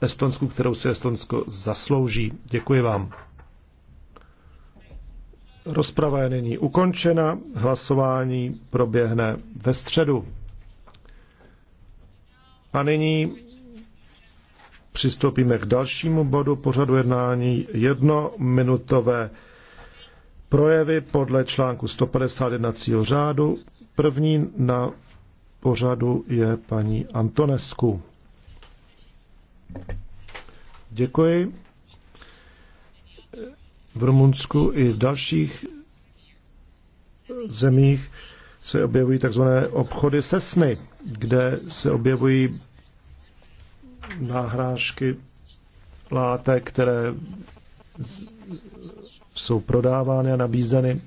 Estonsku, kterou si Estonsko zaslouží. Děkuji vám. Rozprava je nyní ukončena, hlasování proběhne ve středu. A nyní přistoupíme k dalšímu bodu pořadu jednání jednominutové projevy podle článku 150 jednacího řádu. První na pořadu je paní Antonesku. Děkuji. V Rumunsku i v dalších zemích se objevují takzvané obchody se sny, kde se objevují náhrážky látek, které jsou prodávány a nabízeny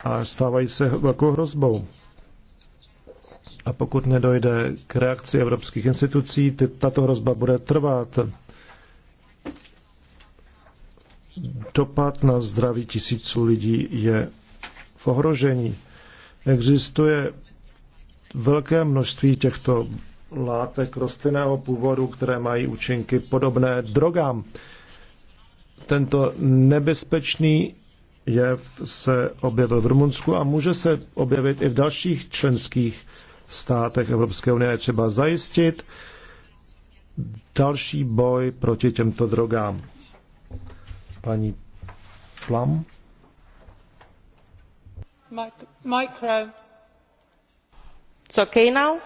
a stávají se velkou jako hrozbou. A pokud nedojde k reakci evropských institucí, tato hrozba bude trvat. Dopad na zdraví tisíců lidí je v ohrožení. Existuje velké množství těchto látek rostlinného původu, které mají účinky podobné drogám. Tento nebezpečný jev se objevil v Rumunsku a může se objevit i v dalších členských státech Evropské unie je třeba zajistit další boj proti těmto drogám. Paní Plam. Micro. It's okay now?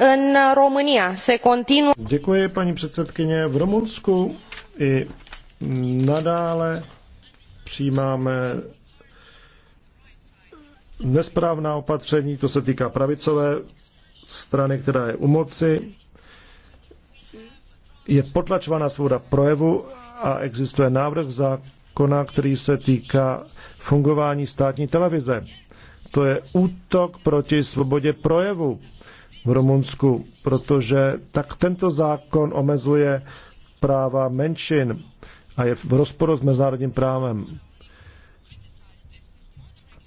în românia se continuă. Děkuji, paní předsedkyně. V Rumunsku i nadále přijímáme nesprávná opatření, to se týká pravicové strany, která je u moci, je potlačována svoboda projevu a existuje návrh zákona, který se týká fungování státní televize. To je útok proti svobodě projevu v Rumunsku, protože tak tento zákon omezuje práva menšin a je v rozporu s mezinárodním právem.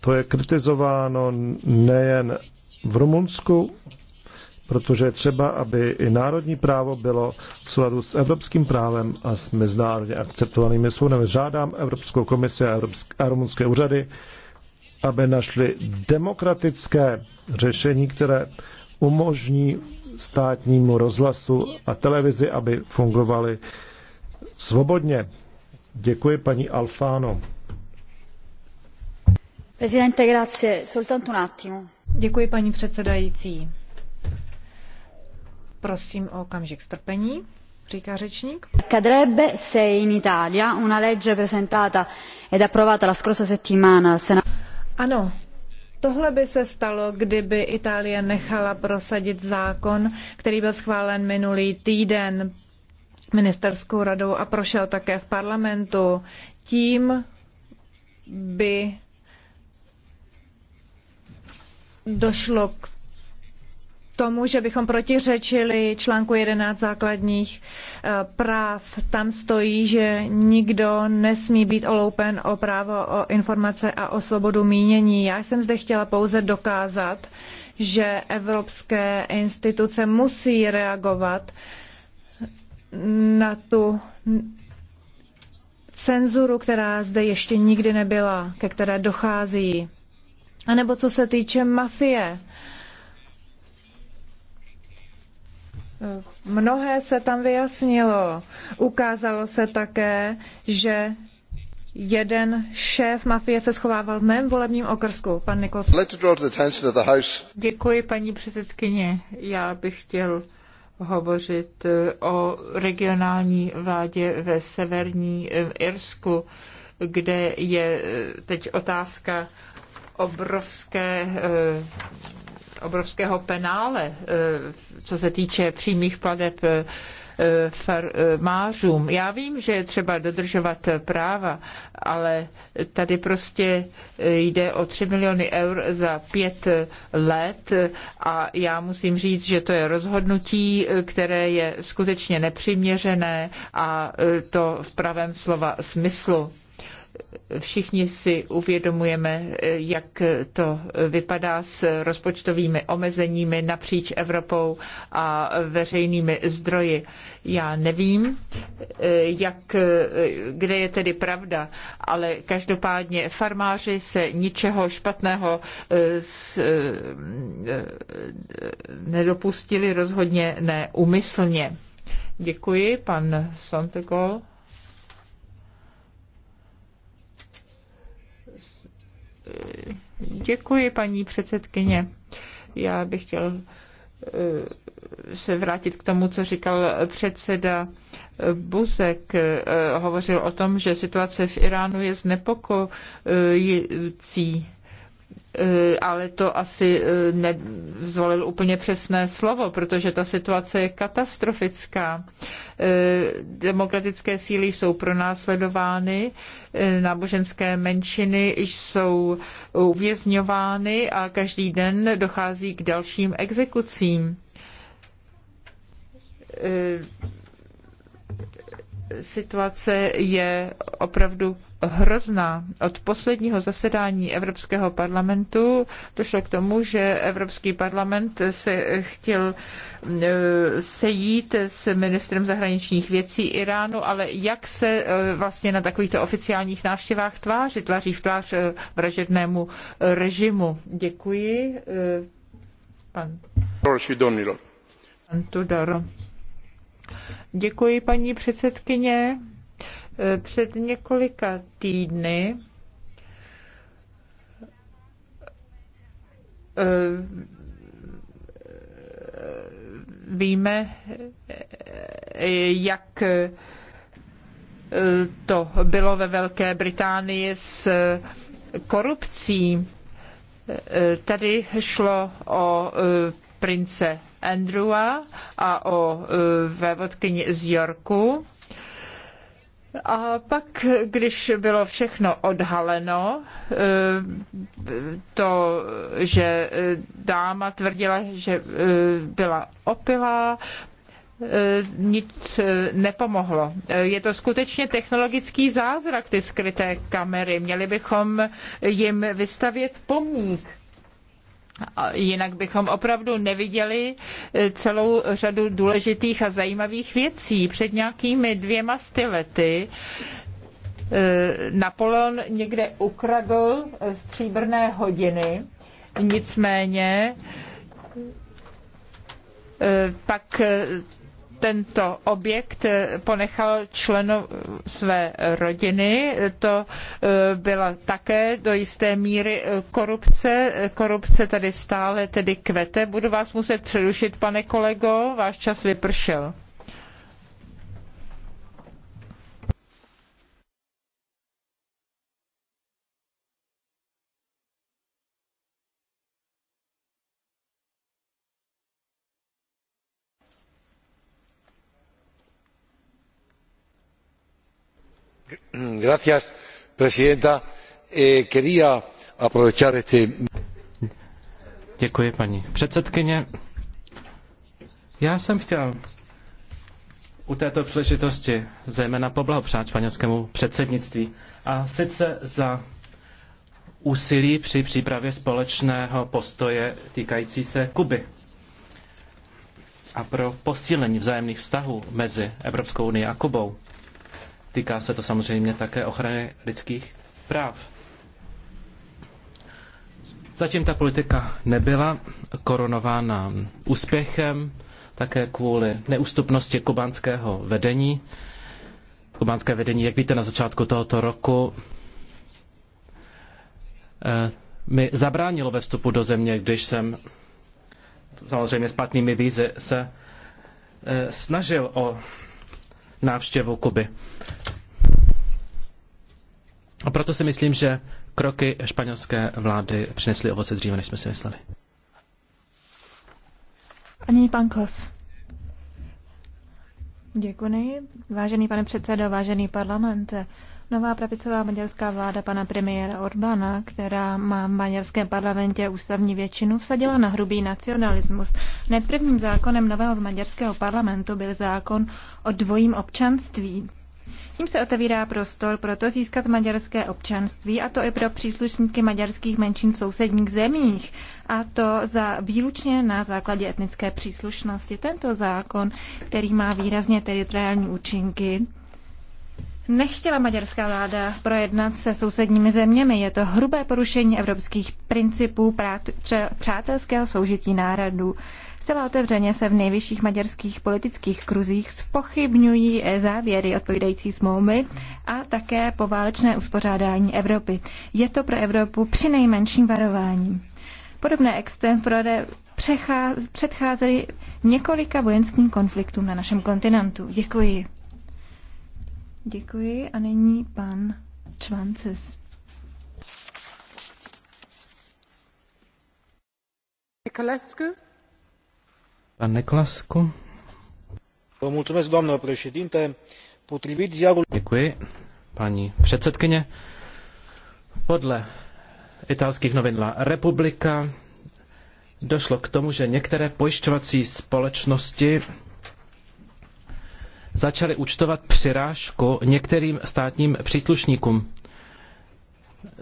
To je kritizováno nejen v Rumunsku, protože je třeba, aby i národní právo bylo v souladu s evropským právem a s mezinárodně akceptovanými soudem. Žádám Evropskou komisi a, Evropsk- a rumunské úřady, aby našli demokratické řešení, které umožní státnímu rozhlasu a televizi, aby fungovaly svobodně. Děkuji paní Alfáno paní předsedající. Prosím o okamžik strpení, říká řečník. Cadrebbe se in Italia una legge presentata ed approvata la scorsa settimana al Senato. Ano, Tohle by se stalo, kdyby Itálie nechala prosadit zákon, který byl schválen minulý týden ministerskou radou a prošel také v parlamentu. Tím by došlo k tomu, že bychom protiřečili článku 11 základních eh, práv. Tam stojí, že nikdo nesmí být oloupen o právo o informace a o svobodu mínění. Já jsem zde chtěla pouze dokázat, že evropské instituce musí reagovat na tu cenzuru, která zde ještě nikdy nebyla, ke které dochází. A nebo co se týče mafie. Mnohé se tam vyjasnilo. Ukázalo se také, že jeden šéf mafie se schovával v mém volebním okrsku, pan Nikos. Děkuji, paní předsedkyně. Já bych chtěl hovořit eh, o regionální vládě ve severní eh, Irsku, kde je eh, teď otázka obrovské eh, obrovského penále, eh, co se týče přímých pladeb eh, farmářům. Já vím, že je třeba dodržovat práva, ale tady prostě jde o 3 miliony eur za pět let a já musím říct, že to je rozhodnutí, které je skutečně nepřiměřené a to v pravém slova smyslu všichni si uvědomujeme, jak to vypadá s rozpočtovými omezeními napříč Evropou a veřejnými zdroji. Já nevím, jak, kde je tedy pravda, ale každopádně farmáři se ničeho špatného s, nedopustili, rozhodně neumyslně. Děkuji, pan Sontekol. Děkuji, paní předsedkyně. Já bych chtěl eh, se vrátit k tomu, co říkal předseda Buzek. Eh, hovořil o tom, že situace v Iránu je znepokojící Eh, ale to asi eh, nezvolil úplně přesné slovo, protože ta situace je katastrofická. Eh, demokratické síly jsou pronásledovány, náboženské menšiny jsou uvězňovány a každý den dochází k dalším exekucím situace je opravdu hrozná. Od posledního zasedání Evropského parlamentu došlo k tomu, že Evropský parlament se chtěl e, sejít s ministrem zahraničních věcí Iránu, ale jak se e, vlastně na takovýchto oficiálních návštěvách tváří, tváří v tvář e, vražednému režimu. Děkuji. Pan, pan Tudor. Děkuji, paní předsedkyně. Eh, před několika týdny eh, víme, eh, jak to bylo ve Velké Británii s korupcí. Tady šlo o prince Andrewa a o e, vévodkyni z Yorku. A pak, když bylo všechno odhaleno, e, to, že dáma tvrdila, že e, byla opilá, nic nepomohlo. Je to skutečně technologický zázrak, ty skryté kamery. Měli bychom jim vystavět pomník Jinak bychom opravdu neviděli eh, celou řadu důležitých a zajímavých věcí. Před nějakými dvěma stylety eh, Napoleon někde ukradl eh, stříbrné hodiny, nicméně pak tento objekt eh, ponechal členu své rodiny. To eh, byla také do jisté míry eh, korupce. Korupce tady stále tedy kvete. Budu vás muset přerušit, pane kolego, váš čas vypršel. señora presidenta eh, quería aprovechar este. Děkuji, paní předsedkyně. Já jsem chtěl u této příležitosti zejména poblahopřát španělskému předsednictví a sice za úsilí při přípravě společného postoje týkající se Kuby a pro posílení vzájemných vztahů mezi Evropskou unii a Kubou. Týká se to samozřejmě také ochrany lidských práv. Zatím ta politika nebyla koronována úspěchem, také kvůli neústupnosti kubánského vedení. Kubánské vedení, jak víte, na začátku tohoto roku eh, mi zabránilo ve vstupu do země, když jsem samozřejmě s platnými vízy se eh, snažil o návštěvu Kuby. A proto si myslím, že kroky španělské vlády přinesly ovoce dříve, než jsme si mysleli. Ani pan Kos. Děkuji. Vážený pane předsedo, vážený parlamente, Nová pravicová maďarská vláda pana premiéra Orbána, která má v maďarském parlamentě ústavní většinu, vsadila na hrubý nacionalismus. Hned prvním zákonem nového maďarského parlamentu byl zákon o dvojím občanství. Tím se otevírá prostor pro to získat maďarské občanství, a to i pro příslušníky maďarských menšin v sousedních zemích, a to za výlučně na základě etnické příslušnosti. Tento zákon, který má výrazně teritoriální účinky, nechtěla maďarská vláda projednat se sousedními zeměmi. Je to hrubé porušení evropských principů přátelského soužití národů. Zcela otevřeně se v nejvyšších maďarských politických kruzích spochybňují závěry odpovídající smlouvy a také poválečné uspořádání Evropy. Je to pro Evropu při nejmenším varování. Podobné extemporade předcházely několika vojenským konfliktům na našem kontinentu. Děkuji. Děkuji a nyní pan Čvancis. Pan Nicolascu. mulțumesc, doamnă președinte. Potrivit ziarului... Děkuji, paní předsedkyně. Podle italských novin La Republika došlo k tomu, že některé pojišťovací společnosti začali účtovat přirážku některým státním příslušníkům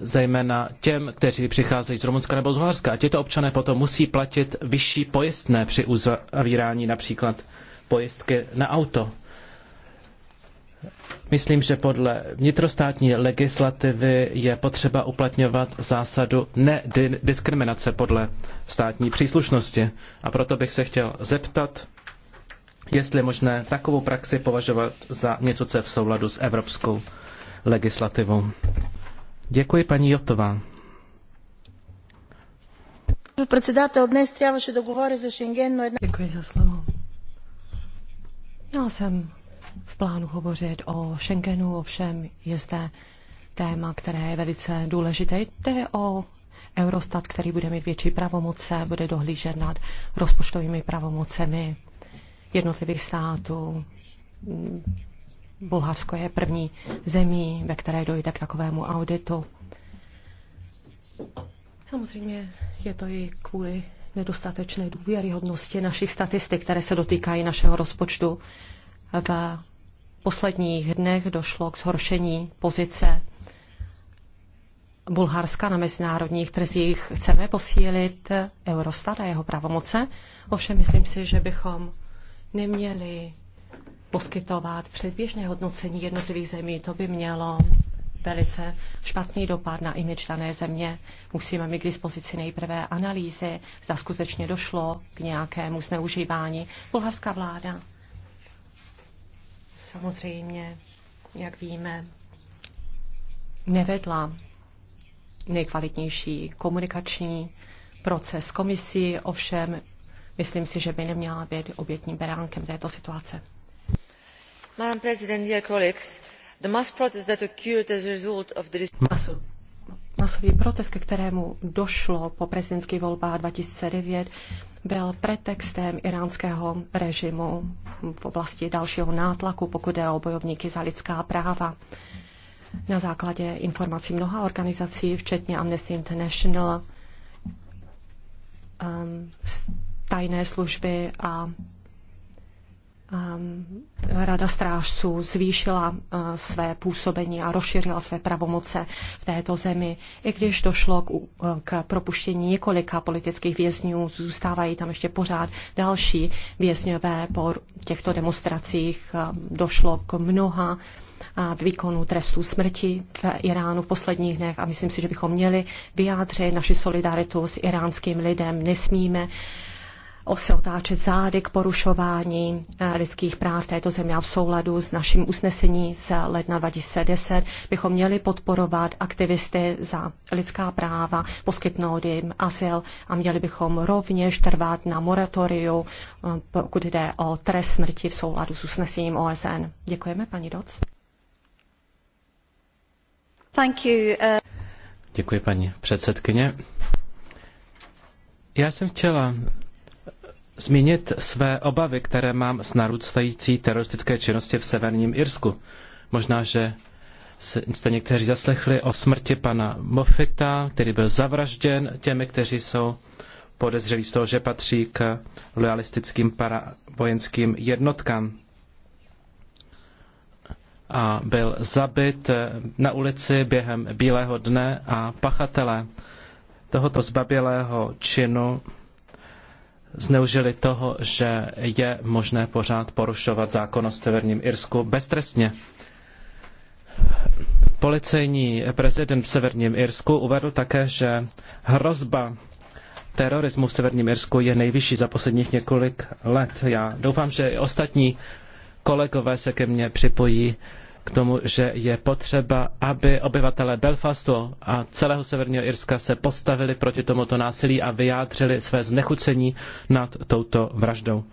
zejména těm, kteří přicházejí z Rumunska nebo z Bulharska. A tito občané potom musí platit vyšší pojistné při uzavírání například pojistky na auto. Myslím, že podle vnitrostátní legislativy je potřeba uplatňovat zásadu nediskriminace podle státní příslušnosti. A proto bych se chtěl zeptat, jestli je možné takovou praxi považovat za něco, co je v souladu s evropskou legislativou. Děkuji, paní Jotová. Děkuji za slovo. Já jsem v plánu hovořit o Schengenu, ovšem je zde téma, které je velice důležité. Jde o Eurostat, který bude mít větší pravomoce, bude dohlížet nad rozpočtovými pravomocemi jednotlivých států. Bulharsko je první zemí, ve které dojde k takovému auditu. Samozřejmě je to i kvůli nedostatečné důvěryhodnosti našich statistik, které se dotýkají našeho rozpočtu. V posledních dnech došlo k zhoršení pozice Bulharska na mezinárodních trzích. Chceme posílit Eurostat a jeho pravomoce, ovšem myslím si, že bychom neměli poskytovat předběžné hodnocení jednotlivých zemí. To by mělo velice špatný dopad na imič dané země. Musíme mít k dispozici nejprve analýzy, zda skutečně došlo k nějakému zneužívání. Bulharská vláda samozřejmě, jak víme, nevedla nejkvalitnější komunikační proces komisí, ovšem myslím si, že by neměla být obětním beránkem této situace. Madam President, dear colleagues, the mass that occurred as a result of the... Masu masový protest, ke kterému došlo po prezidentských volbách 2009, byl pretextem iránského režimu v oblasti dalšího nátlaku, pokud jde o bojovníky za lidská práva. Na základě informací mnoha organizací, včetně Amnesty International, um, tajné služby a um, Rada strážců zvýšila uh, své působení a rozšířila své pravomoce v této zemi. I když došlo k, uh, k propuštění několika politických vězňů, zůstávají tam ještě pořád další vězňové. Po těchto demonstracích uh, došlo k mnoha výkonů trestu smrti v Iránu v posledních dnech a myslím si, že bychom měli vyjádřit naši solidaritu s iránským lidem. Nesmíme uh, se otáčet zády k porušování eh, lidských práv této země a v souladu s naším usnesení z ledna 2010 bychom měli podporovat aktivisty za lidská práva, poskytnout jim azyl a měli bychom rovněž trvat na moratoriu, eh, pokud jde o trest smrti v souladu s usnesením OSN. Děkujeme, paní Doc. Thank you. Uh... Děkuji, paní předsedkyně. Já jsem chtěla zmínit své obavy, které mám s narůstající teroristické činnosti v severním Irsku. Možná, že jste někteří zaslechli o smrti pana Moffita, který byl zavražděn těmi, kteří jsou podezřelí z toho, že patří k loyalistickým paravojenským jednotkám. A byl zabit eh, na ulici během bílého dne a pachatele tohoto zbabělého činu zneužili toho, že je možné pořád porušovat zákon o Severním Irsku beztrestně. Policejní prezident v Severním Irsku uvedl také, že hrozba terorismu v Severním Irsku je nejvyšší za posledních několik let. Já doufám, že i ostatní kolegové se ke mně připojí k tomu, že je potřeba, aby obyvatelé Belfastu a celého Severního Irska se postavili proti tomuto násilí a vyjádřili své znechucení nad touto vraždou.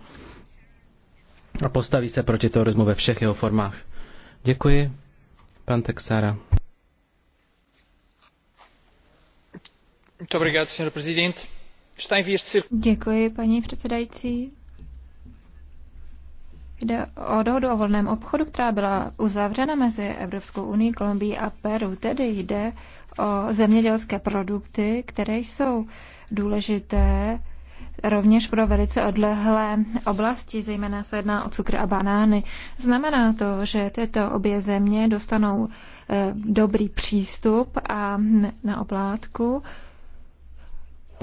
A postaví se proti terorismu ve všech jeho formách. Děkuji, pan Texara. Děkuji, paní předsedající Jde o dohodu o volném obchodu, která byla uzavřena mezi Evropskou unii, Kolumbií a Peru. Tedy jde o zemědělské produkty, které jsou důležité rovněž pro velice odlehlé oblasti, zejména se jedná o cukr a banány. Znamená to, že tyto obě země dostanou eh, dobrý přístup a na oplátku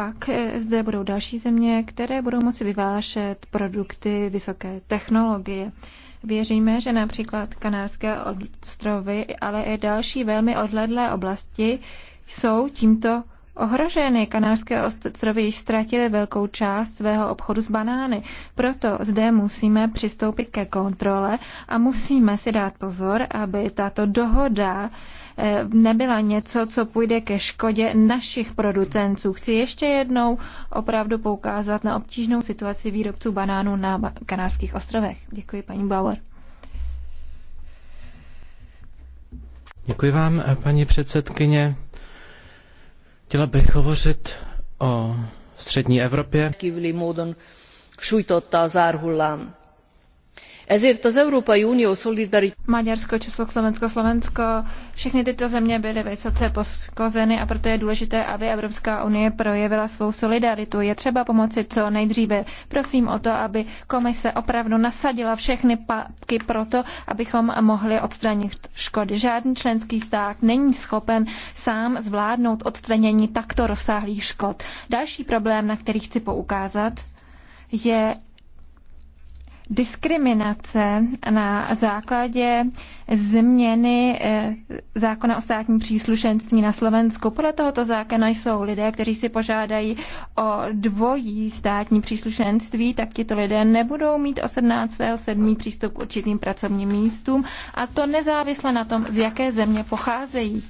pak eh, zde budou další země, které budou moci vyvážet produkty vysoké technologie. Věříme, že například Kanárské ostrovy, ale i další velmi odlehlé oblasti jsou tímto ohroženy. Kanárské ostrovy již ztratily velkou část svého obchodu s banány. Proto zde musíme přistoupit ke kontrole a musíme si dát pozor, aby tato dohoda Eh, nebyla něco, co půjde ke škodě našich producentů. Chci ještě jednou opravdu poukázat na obtížnou situaci výrobců banánů na Kanárských ostrovech. Děkuji, paní Bauer. Děkuji vám, eh, paní předsedkyně. Chtěla bych hovořit o střední Evropě. Ezért az Európai Unió solidarit... Maďarsko, Československo, Slovensko, všechny tyto země byly vysoce poskozeny a proto je důležité, aby Evropská unie projevila svou solidaritu. Je třeba pomoci co nejdříve. Prosím o to, aby komise opravdu nasadila všechny papky páky proto, abychom mohli odstranit škody. Žádný členský stát není schopen sám zvládnout odstranění takto rozsáhlých škod. Další problém, na který chci poukázat, je diskriminace na základě změny eh, zákona o státní příslušenství na Slovensku. Podle tohoto zákona jsou lidé, kteří si požádají o dvojí státní příslušenství, tak tito lidé nebudou mít 18.7. přístup k určitým pracovním místům a to nezávisle na tom, z jaké země pocházejí.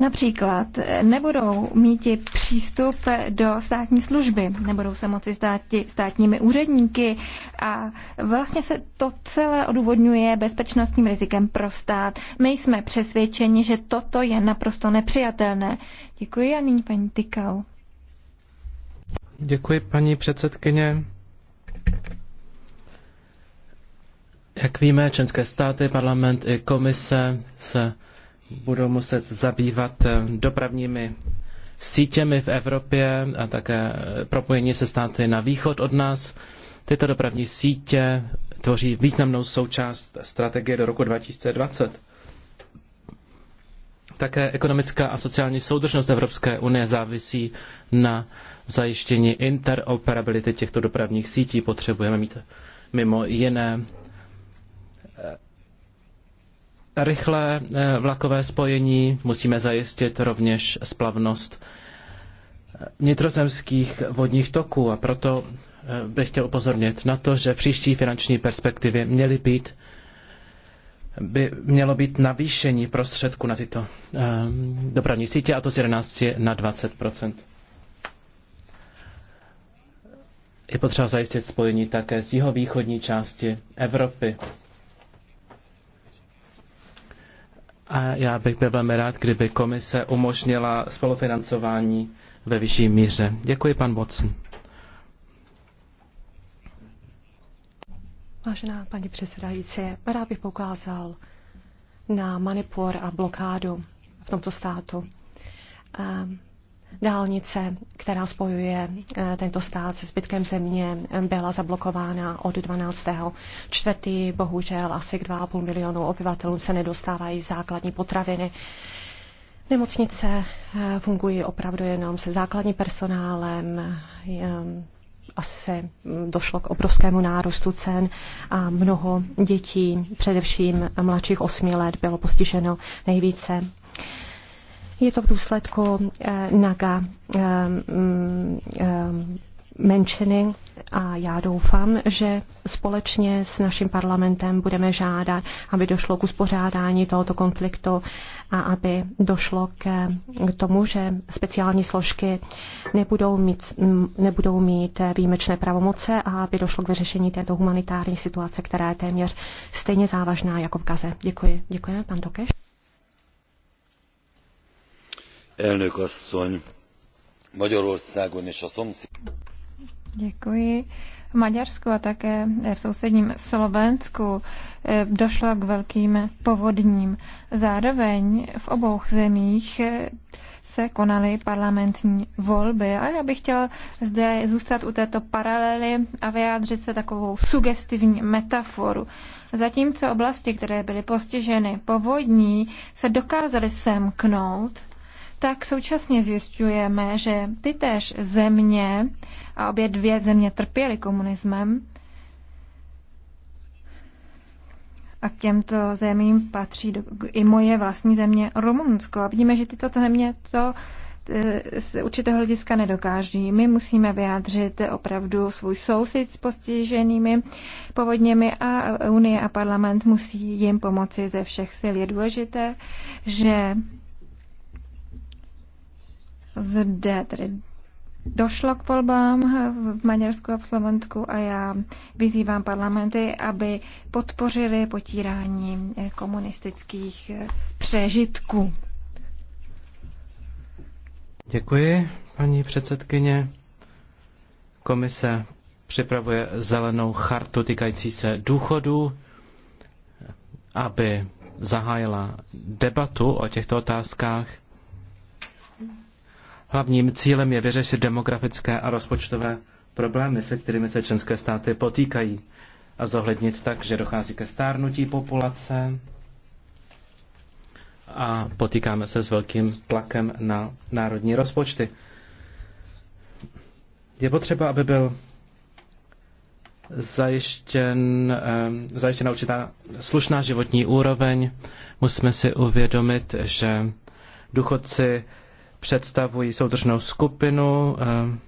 Například eh, nebudou mít přístup do státní služby, nebudou se moci stát státními úředníky a vlastně se to celé odůvodňuje bezpečnostním rizikem pro stát. My jsme přesvědčeni, že toto je naprosto nepřijatelné. Děkuji a nyní paní Tykau. Děkuji, paní předsedkyně. Jak víme, členské státy, parlament i komise se budou muset zabývat eh, dopravními sítěmi v Evropě a také eh, propojení se státy na východ od nás. Tyto dopravní sítě tvoří významnou součást strategie do roku 2020. Také ekonomická a sociální soudržnost Evropské unie závisí na zajištění interoperability těchto dopravních sítí. Potřebujeme mít mimo jiné rychlé eh, vlakové spojení, musíme zajistit rovněž splavnost eh, vnitrozemských vodních toků a proto eh, bych chtěl upozornit na to, že v příští finanční perspektivě měly být, by mělo být navýšení prostředků na tyto dopravní sítě a to z 11 na 20 Je potřeba zajistit spojení také z jihovýchodní části Evropy A já bych byl velmi rád, kdyby komise umožnila spolufinancování ve vyšší míře. Děkuji, pan Watson. Vážená paní předsedající, rád bych poukázal na Manipur a blokádu v tomto státu. Um, Dálnice, která spojuje eh, tento stát se zbytkem země, eh, byla zablokována od 12. čtvrtý. Bohužel asi k 2,5 milionu obyvatelů se nedostávají základní potraviny. Nemocnice eh, fungují opravdu jenom se základním personálem, asi hm, došlo k obrovskému nárůstu cen a mnoho dětí, především mladších 8 let, bylo postiženo nejvíce. Je to v důsledku eh, naga eh, mm, eh, menšiny a já doufám, že společně s naším parlamentem budeme žádat, aby došlo k uspořádání tohoto konfliktu a aby došlo k, k tomu, že speciální složky nebudou mít, mm, nebudou mít výjimečné pravomoce a aby došlo k vyřešení této humanitární situace, která je téměř stejně závažná jako v Gaze. Děkuji. Děkujeme, pan Dokeš. Elnök asszony, Magyarországon és a szomszéd... Děkuji. V Maďarsku a také v sousedním Slovensku eh, došlo k velkým povodním. Zároveň v obou zemích eh, se konaly parlamentní volby. A já bych chtěl zde zůstat u této paralely a vyjádřit se takovou sugestivní metaforu. Zatímco oblasti, které byly postiženy povodní, se dokázaly semknout tak současně zjišťujeme, že ty též země, a obě dvě země trpěly komunismem, a k těmto zemím patří do, i moje vlastní země Rumunsko. A vidíme, že tyto země to e, z určitého hlediska nedokáží. My musíme vyjádřit opravdu svůj sousit s postiženými povodněmi a Unie a parlament musí jim pomoci ze všech sil. Je důležité, že zde tedy došlo k volbám v Maďarsku a v Slovensku a já vyzývám parlamenty, aby podpořili potírání komunistických přežitků. Děkuji, paní předsedkyně. Komise připravuje zelenou chartu týkající se důchodů, aby zahájila debatu o těchto otázkách Hlavním cílem je vyřešit demografické a rozpočtové problémy, se kterými se členské státy potýkají a zohlednit tak, že dochází ke stárnutí populace a potýkáme se s velkým tlakem na národní rozpočty. Je potřeba, aby byl zajištěn, eh, zajištěna určitá slušná životní úroveň. Musíme si uvědomit, že důchodci představují soudržnou skupinu, eh,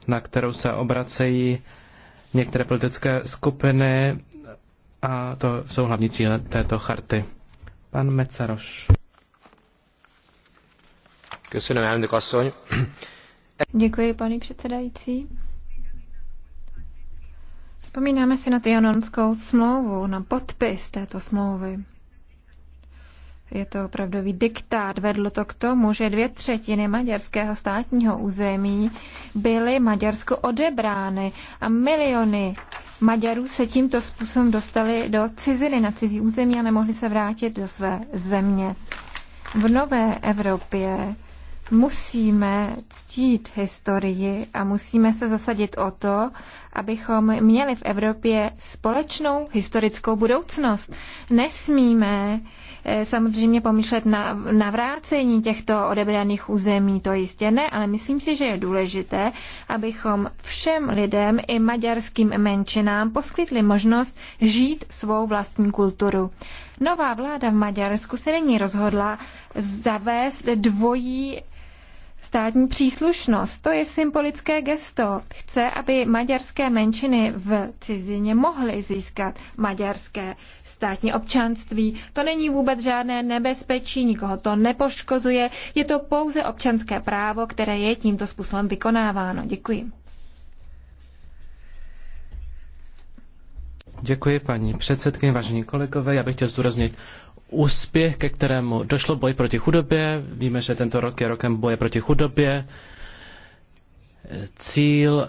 na kterou se obracejí některé politické skupiny a to jsou hlavní cíle této charty. Pan Mecaroš. Děkuji, paní předsedající. Vzpomínáme si na Tianonskou smlouvu, na podpis této smlouvy. Je to opravdový diktát. Vedlo to k tomu, že dvě třetiny maďarského státního území byly Maďarsko odebrány a miliony Maďarů se tímto způsobem dostali do ciziny na cizí území a nemohli se vrátit do své země. V nové Evropě musíme ctít historii a musíme se zasadit o to, abychom měli v Evropě společnou historickou budoucnost. Nesmíme Eh, samozřejmě pomýšlet na vrácení těchto odebraných území, to jistě ne, ale myslím si, že je důležité, abychom všem lidem i maďarským menšinám poskytli možnost žít svou vlastní kulturu. Nová vláda v Maďarsku se není rozhodla zavést dvojí státní příslušnost. To je symbolické gesto. Chce, aby maďarské menšiny v cizině mohly získat maďarské státní občanství. To není vůbec žádné nebezpečí, nikoho to nepoškozuje. Je to pouze občanské právo, které je tímto způsobem vykonáváno. Děkuji. Děkuji paní předsedkyně, vážení kolegové. Já bych chtěl zdůraznit úspěch, ke kterému došlo boj proti chudobě. Víme, že tento rok je rokem boje proti chudobě. Cíl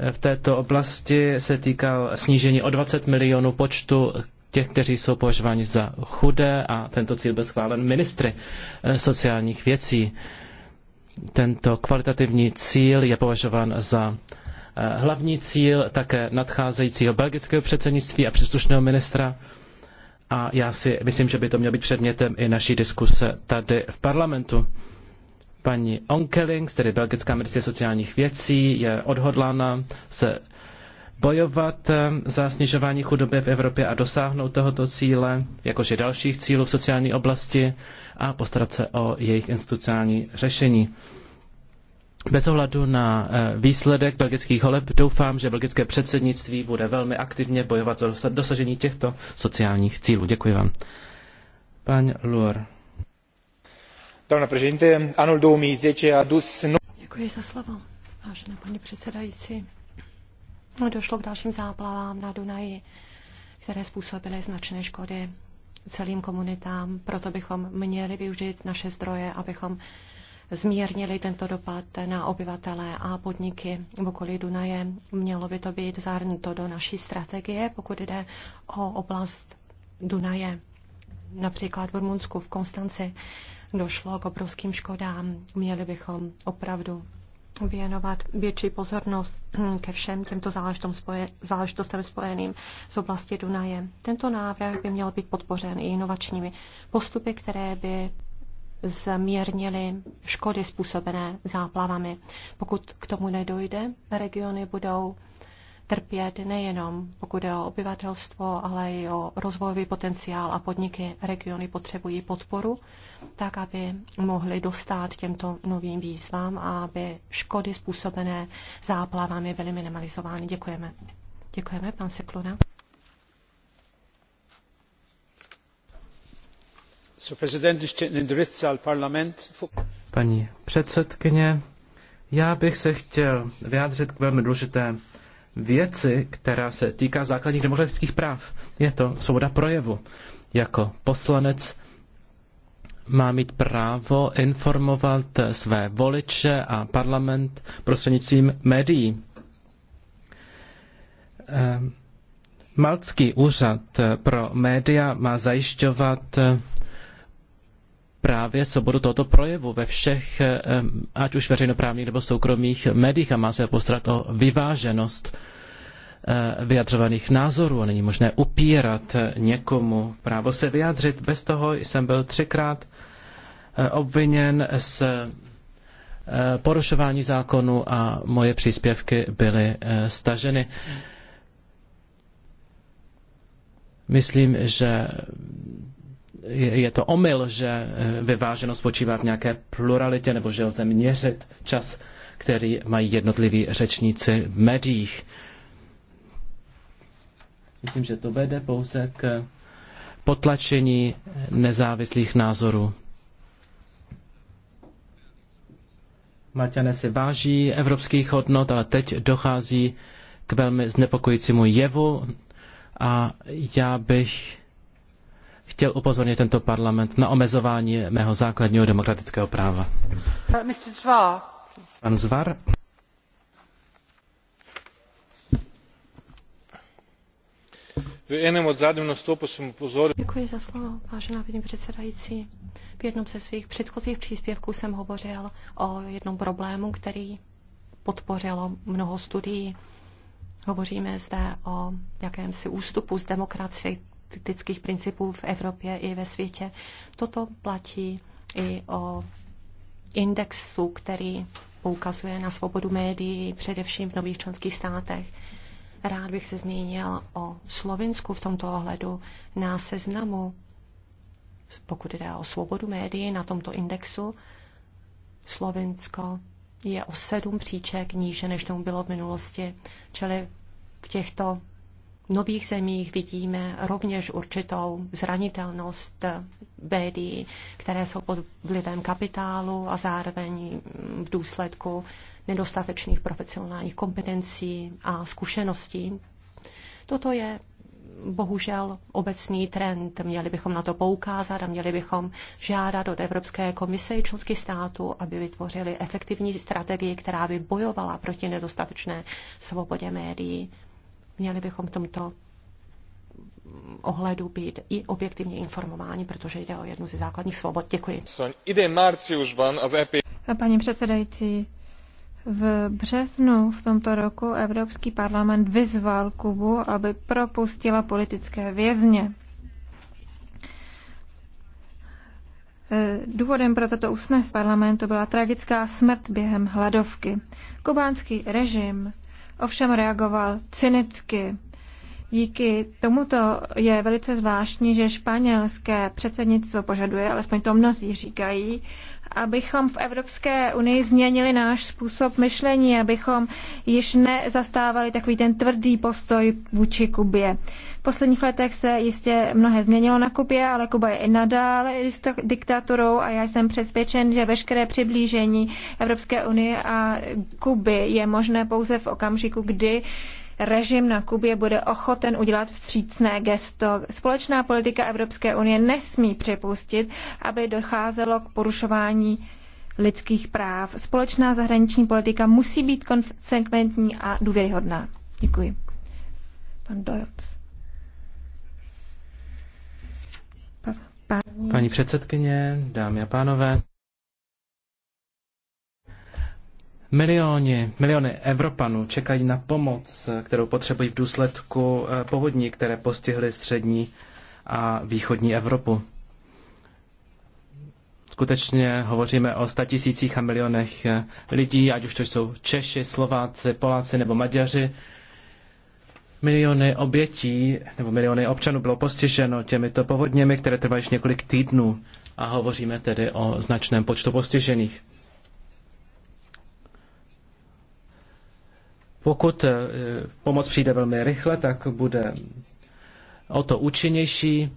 eh, v této oblasti se týkal snížení o 20 milionů počtu těch, kteří jsou považováni za chudé a tento cíl byl schválen ministry eh, sociálních věcí. Tento kvalitativní cíl je považován za eh, hlavní cíl také nadcházejícího belgického předsednictví a příslušného ministra a já si myslím, že by to mělo být předmětem i naší diskuse tady v parlamentu. Paní Onkeling, tedy Belgická ministrině sociálních věcí, je odhodlána se bojovat eh, za snižování chudoby v Evropě a dosáhnout tohoto cíle, jakož i dalších cílů v sociální oblasti a postarat se o jejich institucionální řešení. Bez ohledu na eh, výsledek belgických voleb doufám, že belgické předsednictví bude velmi aktivně bojovat za dosažení těchto sociálních cílů. Děkuji vám. Pan Luar. Doamna președinte, anul 2010 a dus... No- Děkuji za slovo, vážená paní předsedající. No, došlo k dalším záplavám na Dunaji, které způsobily značné škody celým komunitám. Proto bychom měli využít naše zdroje, abychom zmírnili tento dopad na obyvatele a podniky v okolí Dunaje. Mělo by to být zahrnuto do naší strategie, pokud jde o oblast Dunaje. Například v Rumunsku, v Konstanci došlo k obrovským škodám. Měli bychom opravdu věnovat větší pozornost ke všem těmto záležitostem spojeným s oblasti Dunaje. Tento návrh by měl být podpořen i inovačními postupy, které by zmírnili škody způsobené záplavami. Pokud k tomu nedojde, regiony budou trpět nejenom pokud je o obyvatelstvo, ale i o rozvojový potenciál a podniky regiony potřebují podporu, tak aby mohly dostat těmto novým výzvám a aby škody způsobené záplavami byly minimalizovány. Děkujeme. Děkujeme, pan Sekluna. Paní předsedkyně, já bych se chtěl vyjádřit k velmi důležité věci, která se týká základních demokratických práv. Je to svoboda projevu. Jako poslanec má mít právo informovat své voliče a parlament prostřednictvím médií. Ehm, maltský úřad pro média má zajišťovat právě svobodu tohoto projevu ve všech, eh, eh, ať už veřejnoprávních nebo soukromých médiích a má se postarat o vyváženost eh, vyjadřovaných názorů a není možné upírat někomu právo se vyjádřit. Bez toho jsem byl třikrát obviněn z porušování zákonu a moje příspěvky byly staženy. Myslím, že je to omyl, že eh, vyváženost spočívá v nějaké pluralitě nebo že lze měřit čas, který mají jednotliví řečníci v médiích. Myslím, že to vede pouze k potlačení nezávislých názorů. Maťané si váží evropských hodnot, ale teď dochází k velmi znepokojícímu jevu a já bych chtěl upozornit tento parlament na omezování mého základního demokratického práva. Uh, Pan Zvar. V jednom od zadním jsem upozoril... Děkuji za slovo, vážená paní předsedající. V jednom ze svých předchozích příspěvků jsem hovořil o jednom problému, který podpořilo mnoho studií. Hovoříme zde o jakémsi ústupu z demokracie demokratických principů v Evropě i ve světě. Toto platí i o indexu, který poukazuje na svobodu médií, především v nových členských státech. Rád bych se zmínil o Slovensku v tomto ohledu na seznamu, pokud jde o svobodu médií na tomto indexu. Slovensko je o sedm příček níže, než tomu bylo v minulosti. Čili v těchto nových zemích vidíme rovněž určitou zranitelnost médií, které jsou pod vlivem kapitálu a zároveň v důsledku nedostatečných profesionálních kompetencí a zkušeností. Toto je bohužel obecný trend. Měli bychom na to poukázat a měli bychom žádat od Evropské komise i členských států, aby vytvořili efektivní strategii, která by bojovala proti nedostatečné svobodě médií. Měli bychom v tomto ohledu být i objektivně informováni, protože jde o jednu ze základních svobod. Děkuji. E paní předsedající, v březnu v tomto roku Evropský parlament vyzval Kubu, aby propustila politické vězně. E, důvodem pro toto usnes parlamentu byla tragická smrt během hladovky. Kubánský režim ovšem reagoval cynicky. Díky tomuto je velice zvláštní, že španělské předsednictvo požaduje, alespoň to mnozí říkají, abychom v Evropské unii změnili náš způsob myšlení, abychom již nezastávali takový ten tvrdý postoj vůči Kubě. V posledních letech se jistě mnohé změnilo na Kubě, ale Kuba je i nadále diktaturou a já jsem přesvědčen, že veškeré přiblížení Evropské unie a Kuby je možné pouze v okamžiku, kdy režim na Kubě bude ochoten udělat vstřícné gesto. Společná politika Evropské unie nesmí připustit, aby docházelo k porušování lidských práv. Společná zahraniční politika musí být konsekventní a důvěryhodná. Děkuji. Pan Doyles. Paní... Paní předsedkyně, dámy a pánové, Miliony, miliony Evropanů čekají na pomoc, kterou potřebují v důsledku eh, povodní, které postihly střední a východní Evropu. Skutečně hovoříme o statisících a milionech eh, lidí, ať už to jsou Češi, Slováci, Poláci nebo Maďaři, Miliony obětí nebo miliony občanů bylo postiženo těmito povodněmi, které trvají několik týdnů a hovoříme tedy o značném počtu postižených. Pokud eh, pomoc přijde velmi rychle, tak bude o to účinnější.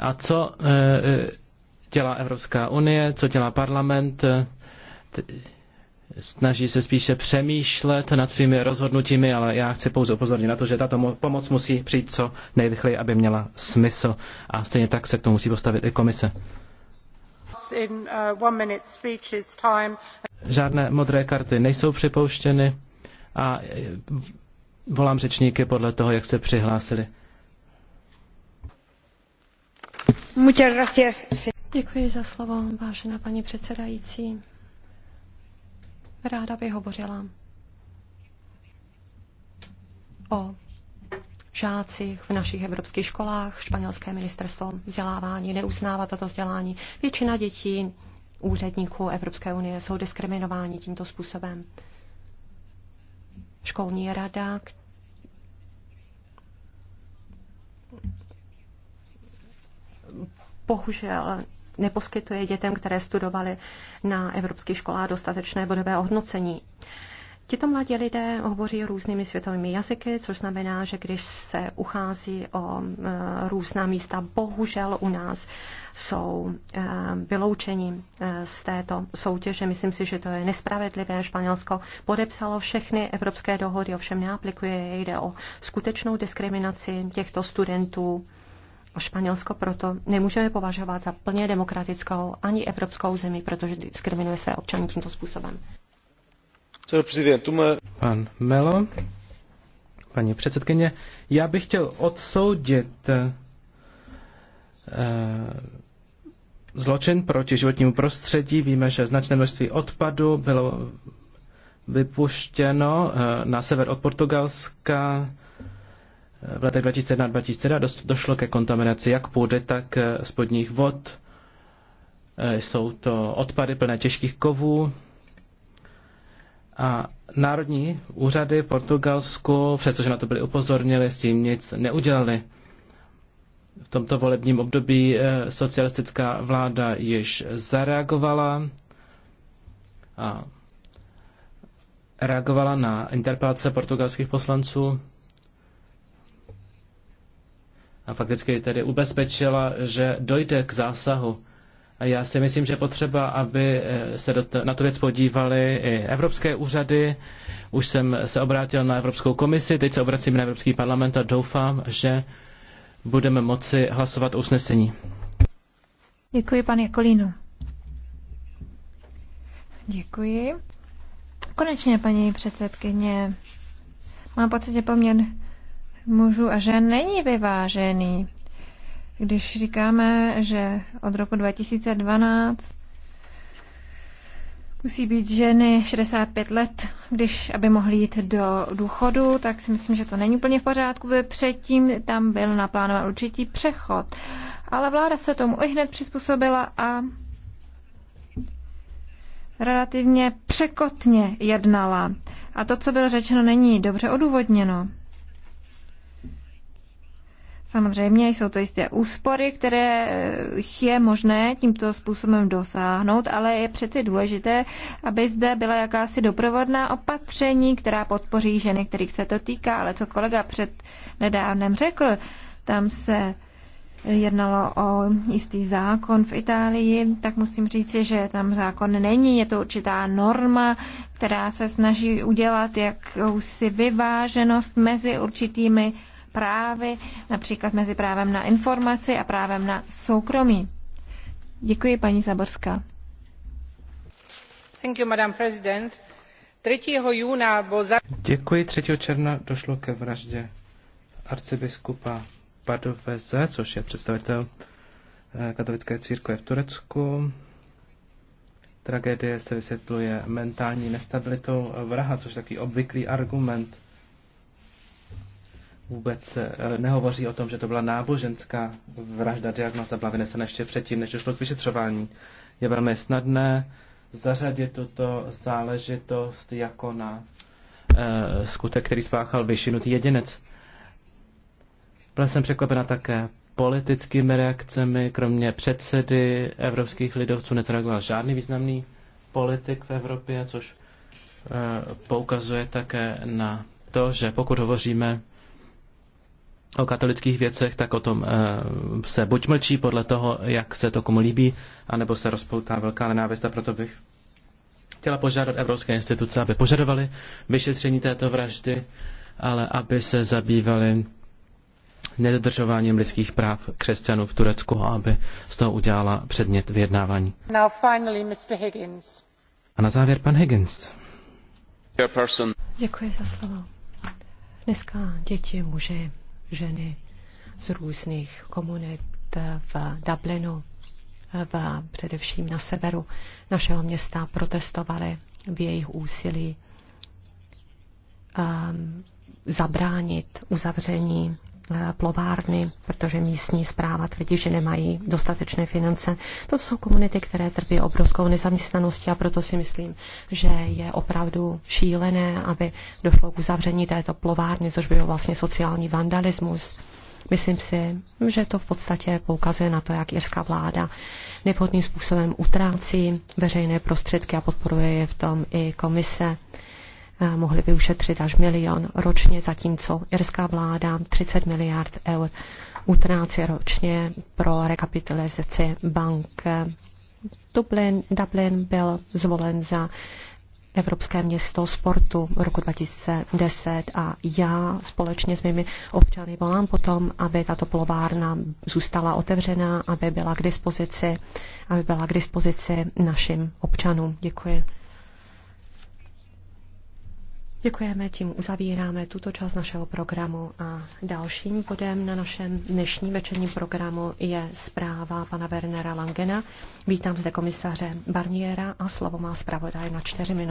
A co eh, eh, dělá Evropská unie, co dělá parlament? snaží se spíše přemýšlet nad svými rozhodnutími, ale já chci pouze upozornit na to, že tato pomoc musí přijít co nejrychleji, aby měla smysl. A stejně tak se k tomu musí postavit i komise. Uh, Žádné modré karty nejsou připouštěny a e, volám řečníky podle toho, jak se přihlásili. Děkuji za slovo, vážená paní předsedající. Ráda by hovořila o žácích v našich evropských školách. Španělské ministerstvo vzdělávání neuznává toto vzdělání. Většina dětí úředníků Evropské unie jsou diskriminováni tímto způsobem. Školní rada, bohužel neposkytuje dětem, které studovaly na evropských školách dostatečné bodové ohodnocení. Tito mladí lidé hovoří různými světovými jazyky, což znamená, že když se uchází o e, různá místa, bohužel u nás jsou e, vyloučeni e, z této soutěže. Myslím si, že to je nespravedlivé. Španělsko podepsalo všechny evropské dohody, ovšem neaplikuje Jde o skutečnou diskriminaci těchto studentů Španělsko proto nemůžeme považovat za plně demokratickou ani evropskou zemi, protože diskriminuje své občany tímto způsobem. Pan Melo, paní předsedkyně, já bych chtěl odsoudit eh, zločin proti životnímu prostředí. Víme, že značné množství odpadu bylo vypuštěno eh, na sever od Portugalska v letech 2001-2002 došlo ke kontaminaci jak půdy, tak eh, spodních vod. Eh, jsou to odpady plné těžkých kovů. A národní úřady v Portugalsku, přestože na to byly upozornili, s tím nic neudělali. V tomto volebním období eh, socialistická vláda již zareagovala a reagovala na interpelace portugalských poslanců a fakticky tedy ubezpečila, že dojde k zásahu. A já si myslím, že potřeba, aby eh, se na tu věc podívali i evropské úřady. Už jsem se obrátil na Evropskou komisi, teď se obracím na Evropský parlament a doufám, že budeme moci hlasovat o usnesení. Děkuji, pane Jakolínu. Děkuji. Konečně, paní předsedkyně, mám pocit, že poměr mužů a žen není vyvážený. Když říkáme, že od roku 2012 musí být ženy 65 let, když aby mohly jít do důchodu, tak si myslím, že to není úplně v pořádku, protože předtím tam byl naplánován určitý přechod. Ale vláda se tomu i hned přizpůsobila a relativně překotně jednala. A to, co bylo řečeno, není dobře odůvodněno. Samozřejmě jsou to jisté úspory, které eh, je možné tímto způsobem dosáhnout, ale je přeci důležité, aby zde byla jakási doprovodná opatření, která podpoří ženy, kterých se to týká. Ale co kolega před nedávnem řekl, tam se jednalo o jistý zákon v Itálii, tak musím říct, že tam zákon není, je to určitá norma, která se snaží udělat jakousi vyváženost mezi určitými právy, například mezi právem na informaci a právem na soukromí. Děkuji, paní Zaborská. Thank you, Madam President. 3. júna bo za... Děkuji, 3. června došlo ke vraždě arcibiskupa Padoveze, což je představitel eh, katolické církve v Turecku. Tragédie se vysvětluje mentální nestabilitou vraha, což je takový obvyklý argument vůbec eh, nehovoří o tom, že to byla náboženská vražda. Diagnoza byla vynesena ještě předtím, než došlo k vyšetřování. Je velmi snadné zařadit tuto záležitost jako na eh, skutek, který spáchal vyšinutý jedinec. Byla jsem překvapena také politickými reakcemi, kromě předsedy evropských lidovců nezareagoval žádný významný politik v Evropě, což eh, poukazuje také na to, že pokud hovoříme o katolických věcech, tak o tom eh, se buď mlčí podle toho, jak se to komu líbí, anebo se rozpoutá velká nenávist a proto bych chtěla požádat evropské instituce, aby požadovali vyšetření této vraždy, ale aby se zabývali nedodržováním lidských práv křesťanů v Turecku a aby z toho udělala předmět vyjednávání. Now finally, Mr. Higgins. A na závěr pan Higgins. Děkuji za slovo. Dneska děti, muže, ženy z různých komunit v Dublinu, v, především na severu našeho města, protestovaly v jejich úsilí um, zabránit uzavření Eh, plovárny, protože místní zpráva tvrdí, že nemají dostatečné finance. To jsou komunity, které trpí obrovskou nezaměstnaností a proto si myslím, že je opravdu šílené, aby došlo k uzavření této plovárny, což byl vlastně sociální vandalismus. Myslím si, že to v podstatě poukazuje na to, jak irská vláda nevhodným způsobem utrácí veřejné prostředky a podporuje je v tom i komise mohli by ušetřit až milion ročně, zatímco irská vláda 30 miliard eur utrácí ročně pro rekapitalizaci bank. Dublin, Dublin byl zvolen za Evropské město sportu roku 2010 a já společně s mými občany volám potom, aby tato polovárna zůstala otevřená, aby byla k dispozici, aby byla k dispozici našim občanům. Děkuji. Děkujeme, tím uzavíráme tuto část našeho programu a dalším bodem na našem dnešním večerním programu je zpráva pana Bernera Langena. Vítám zde komisaře Barniera a slovo má zpravodaj na čtyři minuty.